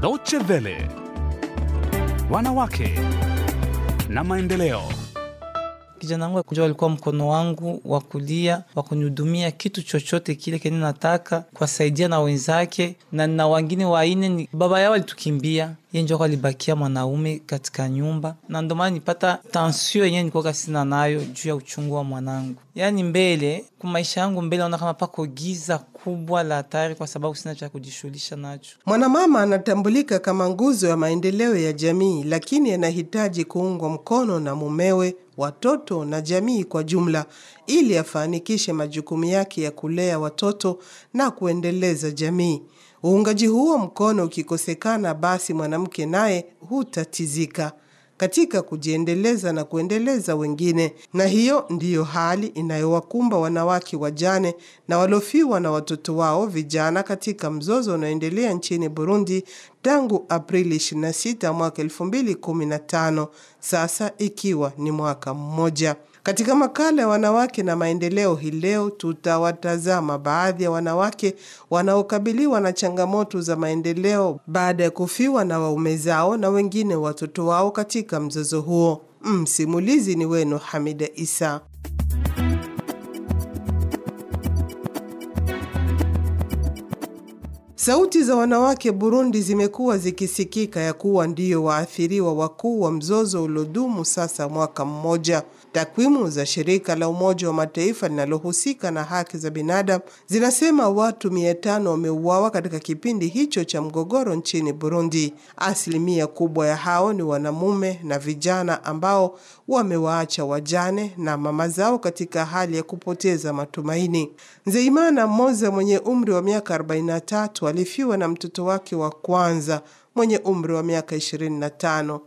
Deutsche Welle, wanawake na maendeleo. Kijana wangu akuja walikuwa mkono wangu wa kulia wa kunihudumia kitu chochote kile kene nataka kuwasaidia na wenzake, na na wengine waine baba yao alitukimbia, yeye ndio alibakia mwanaume katika nyumba, na ndio maana nipata tension yenyewe nilikuwa sina nayo juu ya uchungu wa mwanangu yani mbele kumaisha yangu mbele, naona kama pako giza kubwa la hatari, kwa sababu sina cha kujishughulisha nacho. Mwanamama anatambulika kama nguzo ya maendeleo ya jamii, lakini anahitaji kuungwa mkono na mumewe, watoto na jamii kwa jumla, ili afanikishe majukumu yake ya kulea watoto na kuendeleza jamii. Uungaji huo mkono ukikosekana, basi mwanamke naye hutatizika katika kujiendeleza na kuendeleza wengine, na hiyo ndiyo hali inayowakumba wanawake wajane na waliofiwa na watoto wao vijana katika mzozo unaoendelea nchini Burundi tangu Aprili 26 mwaka 2015, sasa ikiwa ni mwaka mmoja. Katika makala ya wanawake na maendeleo hii leo, tutawatazama baadhi ya wanawake wanaokabiliwa na changamoto za maendeleo baada ya kufiwa na waume zao na wengine watoto wao katika mzozo huo. Msimulizi ni wenu Hamida Isa. Sauti za wanawake Burundi zimekuwa zikisikika ya kuwa ndiyo waathiriwa wakuu wa mzozo uliodumu sasa mwaka mmoja. Takwimu za shirika la Umoja wa Mataifa linalohusika na haki za binadamu zinasema watu 500 wameuawa katika kipindi hicho cha mgogoro nchini Burundi. Asilimia kubwa ya hao ni wanamume na vijana ambao wamewaacha wajane na mama zao katika hali ya kupoteza matumaini. Nzeimana Moza mwenye umri wa miaka 43 alifiwa na mtoto wake wa kwanza mwenye umri wa miaka 25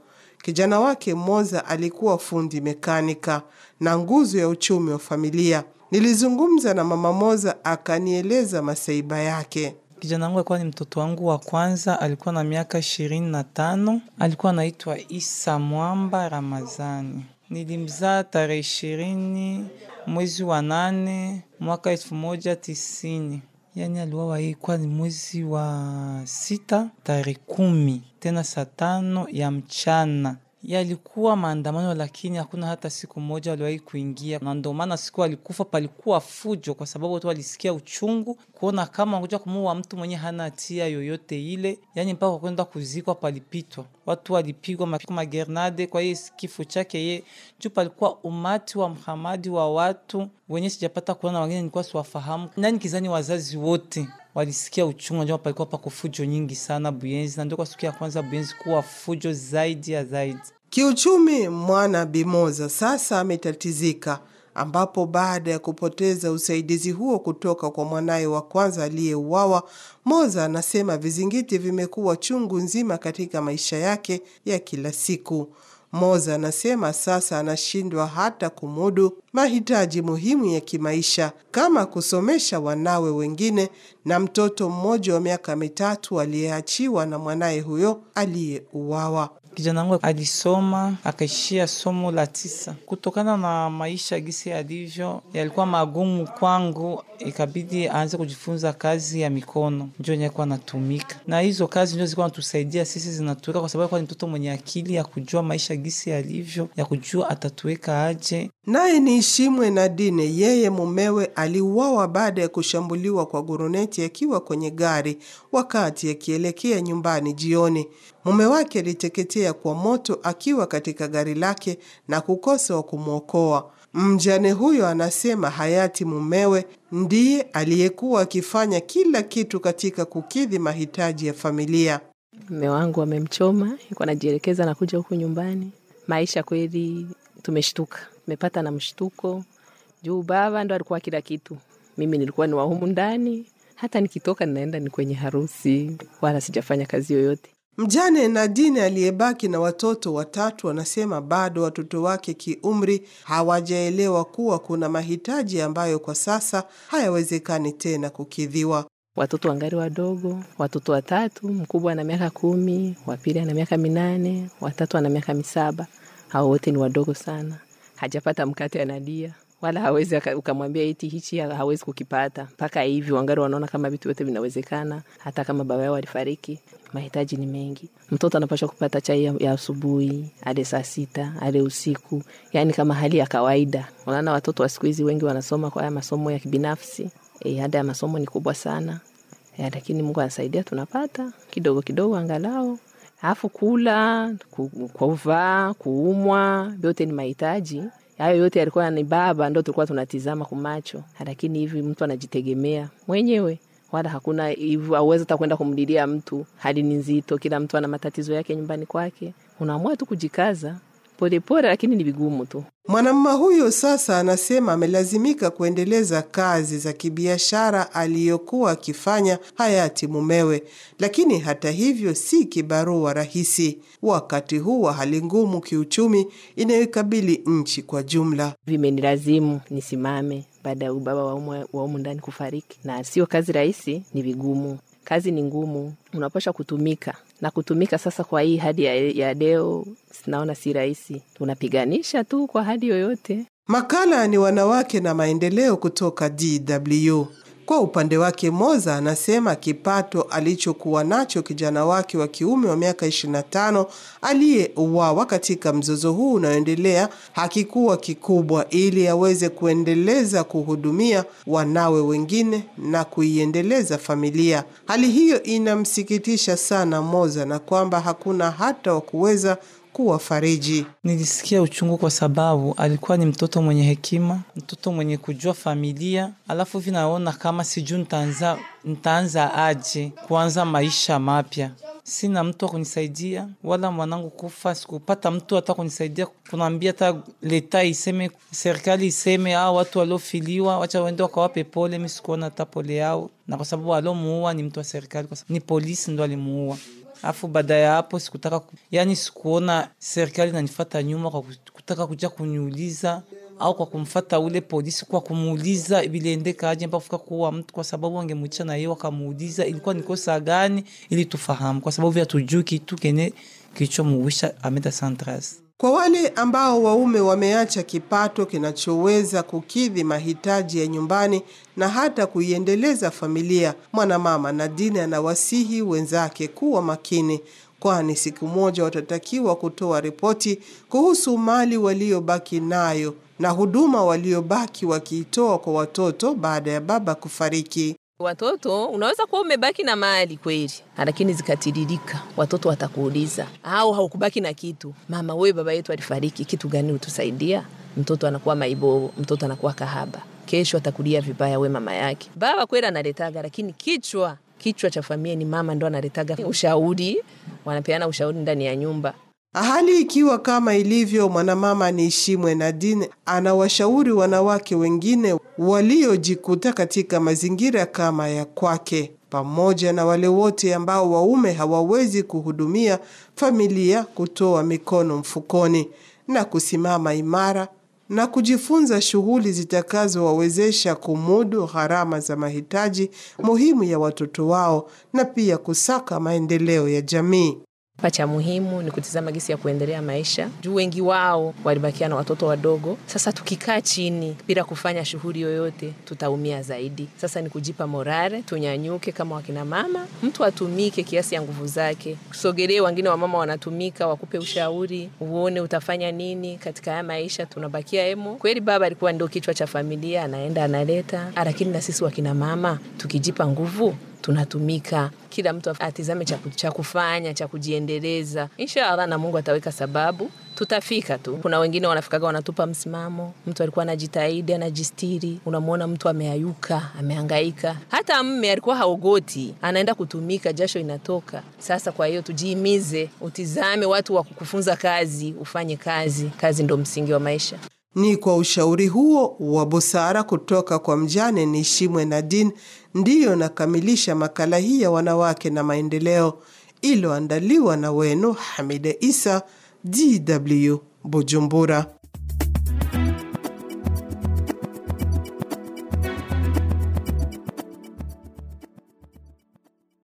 Kijana wake Moza alikuwa fundi mekanika na nguzo ya uchumi wa familia. Nilizungumza na mama Moza akanieleza masaiba yake. Kijana wangu alikuwa ni mtoto wangu wa kwanza, alikuwa na miaka ishirini na tano. Alikuwa anaitwa Isa Mwamba Ramazani. Nilimzaa tarehe ishirini mwezi wa nane mwaka elfu moja tisini yani aliwawa kwani mwezi wa sita tarehe kumi tena saa tano ya mchana. Yalikuwa maandamano lakini hakuna hata siku moja waliwahi kuingia, na ndio maana siku alikufa palikuwa fujo, kwa sababu watu walisikia uchungu kuona kama wakuja kumuua mtu mwenye hana hatia yoyote ile, yani mpaka kwenda kuzikwa palipitwa, watu walipigwa magernade kwa hiyo kifo chake ye juu palikuwa umati wa mhamadi wa watu wenye sijapata kuona, wengine nilikuwa siwafahamu, nani kizani wazazi wote walisikia uchungu, najua palikuwa pako fujo nyingi sana Buyenzi, na ndio kwa siku ya kwanza Buyenzi kuwa fujo zaidi ya zaidi. Kiuchumi, mwana Bimoza sasa ametatizika, ambapo baada ya kupoteza usaidizi huo kutoka kwa mwanaye wa kwanza aliyeuawa, Moza anasema vizingiti vimekuwa chungu nzima katika maisha yake ya kila siku. Moza anasema sasa anashindwa hata kumudu mahitaji muhimu ya kimaisha kama kusomesha wanawe wengine na mtoto mmoja wa miaka mitatu aliyeachiwa na mwanaye huyo aliyeuawa kijana wangu alisoma akaishia somo la tisa. Kutokana na maisha gisi yalivyo, yalikuwa magumu kwangu, ikabidi aanze kujifunza kazi ya mikono, ndio nilikuwa natumika, na hizo kazi njio zilikuwa natusaidia sisi, zinatuweka kwa sababu kwa ni mtoto mwenye akili ya kujua maisha gisi yalivyo, ya kujua atatuweka aje Naye ni Niishimwe Nadine, yeye mumewe aliuawa baada ya kushambuliwa kwa guruneti akiwa kwenye gari wakati akielekea nyumbani jioni. Mume wake aliteketea kwa moto akiwa katika gari lake na kukosa wa kumwokoa. Mjane huyo anasema hayati mumewe ndiye aliyekuwa akifanya kila kitu katika kukidhi mahitaji ya familia. Mume wangu amemchoma, alikuwa anajielekeza na kuja huku nyumbani. Maisha kweli tumeshtuka, tumepata na mshtuko juu baba ndo alikuwa kila kitu, mimi nilikuwa ni wahumu ndani, hata nikitoka ninaenda ni kwenye harusi, wala sijafanya kazi yoyote. Mjane Nadine aliyebaki na watoto watatu anasema bado watoto wake kiumri hawajaelewa kuwa kuna mahitaji ambayo kwa sasa hayawezekani tena kukidhiwa. Watoto wangari wadogo, watoto watatu, mkubwa ana miaka kumi, wapili ana miaka minane, watatu ana miaka misaba hao wote ni wadogo sana, hajapata mkate analia wala hawezi ukamwambia eti hichi hawezi kukipata. Mpaka hivi wangari wanaona kama vitu vyote vinawezekana, hata kama baba yao alifariki. Mahitaji ni mengi. Mtoto anapashwa kupata chai ya, asubuhi, ale saa sita, ale usiku, yani kama hali ya kawaida. Unaona watoto wa siku hizi wengi wanasoma kwa haya masomo ya kibinafsi. E, eh, ada ya masomo ni kubwa sana. E, lakini Mungu anasaidia, tunapata kidogo kidogo angalau afu kula, kuvaa, kuumwa, yote ni mahitaji hayo yote yalikuwa ni baba ndo tulikuwa tunatizama kumacho, lakini hivi mtu anajitegemea mwenyewe, wala hakuna hivyo, auwezi hata kwenda kumlilia mtu. Hali ni nzito, kila mtu ana matatizo yake nyumbani kwake, unaamua tu kujikaza polepole, lakini ni vigumu tu. Mwanamama huyo sasa anasema amelazimika kuendeleza kazi za kibiashara aliyokuwa akifanya hayati mumewe, lakini hata hivyo si kibarua rahisi wakati huu wa hali ngumu kiuchumi inayoikabili nchi kwa jumla. Vimenilazimu nisimame baada ya ubaba wa umu ndani kufariki, na sio kazi rahisi, ni vigumu kazi ni ngumu, unapasha kutumika na kutumika. Sasa kwa hii hadi ya, ya leo naona si rahisi, tunapiganisha tu kwa hadi yoyote. Makala ni wanawake na maendeleo kutoka DW. Kwa upande wake Moza anasema kipato alichokuwa nacho kijana wake wa kiume wa miaka 25 aliyeuawa katika mzozo huu unaoendelea hakikuwa kikubwa ili aweze kuendeleza kuhudumia wanawe wengine na kuiendeleza familia. Hali hiyo inamsikitisha sana Moza na kwamba hakuna hata wa kuweza fariji. Nilisikia uchungu kwa sababu alikuwa ni mtoto mwenye hekima, mtoto mwenye kujua familia, alafu vinaona kama sijui ntaanza ntaanza aje kuanza maisha mapya. Sina mtu akunisaidia, wala mwanangu kufa, sikupata mtu hata kunisaidia kunaambia, hata leta iseme, serikali iseme, a watu waliofiliwa wacha waende wakawape pole. Mi sikuona hata pole yao, na kwa sababu alomuua ni mtu wa serikali, kwa sababu ni polisi ndo alimuua. Afu baada ya hapo sikutaka ku... yani sikuona serikali nanifata nyuma kwa kutaka kuja kuniuliza au kwa kumfata ule polisi kwa kumuuliza viliendeka aje mpaka kufika kuwa mtu, kwa sababu wangemwicha na yeye wakamuuliza ilikuwa ni kosa gani, ili tufahamu, kwa sababu hatujui kitu kene kilichomuwisha ameta Santras. Kwa wale ambao waume wameacha kipato kinachoweza kukidhi mahitaji ya nyumbani na hata kuiendeleza familia, mwanamama Nadine anawasihi wenzake kuwa makini, kwani siku moja watatakiwa kutoa ripoti kuhusu mali waliobaki nayo na huduma waliobaki wakiitoa kwa watoto baada ya baba kufariki. Watoto unaweza kuwa umebaki na mali kweli, lakini zikatiririka, watoto watakuuliza au haukubaki na kitu. Mama wewe, baba yetu alifariki, kitu gani utusaidia? Mtoto anakuwa maibobo, mtoto anakuwa kahaba, kesho atakulia vibaya. We mama yake, baba kweli analetaga, lakini kichwa kichwa cha familia ni mama, ndo analetaga ushauri, wanapeana ushauri ndani ya nyumba. Hali ikiwa kama ilivyo mwanamama Neishimwe Nadine anawashauri wanawake wengine waliojikuta katika mazingira kama ya kwake, pamoja na wale wote ambao waume hawawezi kuhudumia familia, kutoa mikono mfukoni na kusimama imara na kujifunza shughuli zitakazowawezesha kumudu gharama za mahitaji muhimu ya watoto wao na pia kusaka maendeleo ya jamii. Cha muhimu ni kutizama gisi ya kuendelea maisha, juu wengi wao walibakia na watoto wadogo. Sasa tukikaa chini bila kufanya shughuli yoyote, tutaumia zaidi. Sasa ni kujipa morare tunyanyuke kama wakina mama, mtu atumike kiasi ya nguvu zake, tusogelee. Wengine wamama wanatumika, wakupe ushauri, uone utafanya nini katika haya maisha. Tunabakia emo kweli, baba alikuwa ndio kichwa cha familia, anaenda analeta, lakini na sisi wakina mama tukijipa nguvu tunatumika, kila mtu atizame cha kufanya cha kujiendeleza. Inshallah na Mungu ataweka sababu, tutafika tu. Kuna wengine wanafikaga wanatupa msimamo, mtu alikuwa anajitahidi anajistiri, unamwona mtu ameayuka ameangaika hata mme alikuwa haogoti, anaenda kutumika, jasho inatoka. Sasa kwa hiyo tujiimize utizame watu wa kukufunza kazi, ufanye kazi. Kazi ndo msingi wa maisha. Ni kwa ushauri huo wa busara kutoka kwa mjane Nishimwe Nadine ndiyo nakamilisha makala hii ya wanawake na maendeleo iliyoandaliwa na wenu Hamida Isa, DW Bujumbura.